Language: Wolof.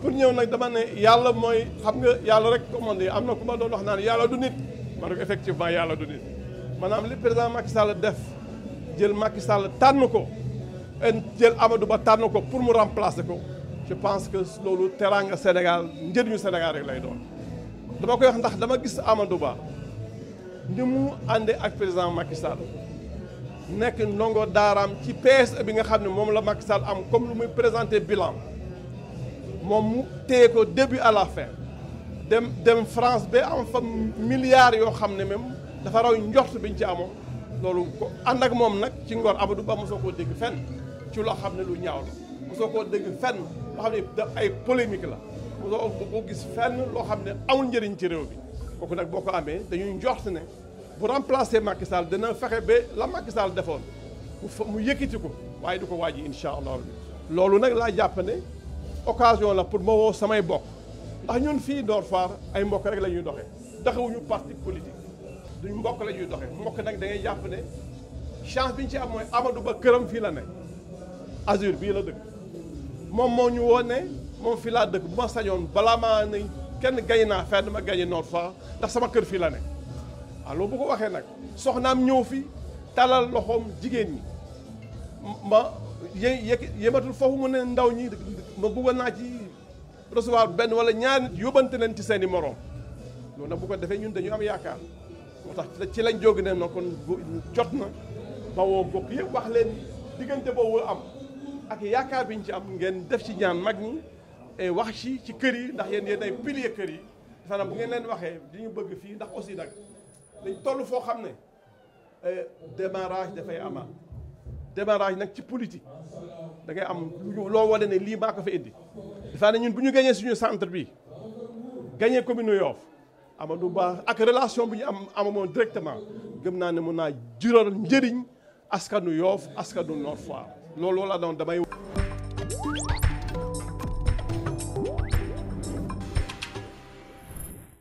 pour ñëw nag dama ne yàlla mooy xam nga yàlla rek commande yi am na ku ma doon wax naan yàlla du nit ma ne ko effectivement yàlla du nit maanaam li président Macky Sall def jël Macky tànn ko jël Amadou tànn ko pour mu remplacer ko je pense que loolu teraanga Sénégal njëriñu Sénégal rek lay doon dama koy wax ndax dama gis Amadou Ba ni mu àndee ak président Macky nekk ndongo daaram ci PSE bi nga xam ne moom la Macky Sall am comme lu muy présenter bilan moom mu téye ko début à la fin dem dem France ba am fa milliards yoo xam ne même dafa raw njort biñ ci amoon loolu ko ànd ak moom nag ci ngor Amadou Ba mosoo koo dégg fen ci loo xam ne lu ñaaw la mosoo koo dégg fenn loo xam ne ay polémique la mosoo ko gis fenn loo xam ne amul njëriñ ci réew bi kooku nag boo ko amee dañuy njort ne bu remplacer Macky Sall dina fexe ba la Macky Sall defoon mu yëkkati ko waaye du ko waaj incha allah loolu nag laa jàppande ne la pour ma woo samay bokk ndax ñun fii Nord Foire ay mbokk rek la ñuy doxee taxawuñu parti politique duñ mbokk la ñuy doxee mbokk nag da ngay jàpp ne chance bi ñu ci am mooy Ba këram fii la ne Azur bii la dëkk moom moo ñu woo ne moom fii laa dëkk bu ma sañoon balaa maa ne kenn gañe naa fenn ma gañe noor Foire ndax sama kër fii la ne waaw bu ko waxee nag soxnaam ñëw fii talal loxoom jigéen ñi ma ye yematul foofu mu ne ndaw ñi ma bëggoon naa ci recevoir benn wala ñaar nit yóbbante leen ci seen i moroom loolu nag bu ko defee ñun dañu am yaakaar moo tax ci lañ jóg ne na kon jot na ba woo bokk yëpp wax leen diggante boobu am ak yaakaar biñ ci am ngeen def ci ñaan mag ñi et wax ci ci kër yi ndax yéen yéen ay pilier kër yi dafa bu ngeen leen waxee di ñu bëgg fii ndax aussi nag dañ toll foo xam ne euh, démarrage dafay amaat démarrage nag ci politique da am loo wane ne lii maa ko fa indi. dafaa ne ñun bu ñu gañee si suñu centre bi gañee commune Yoff Amadou Ba ak relation bu ñu am amamoon directement gëm naa ne mun naa jural njëriñ askanu Yoff askanu Nord fois loolu laa doon damay.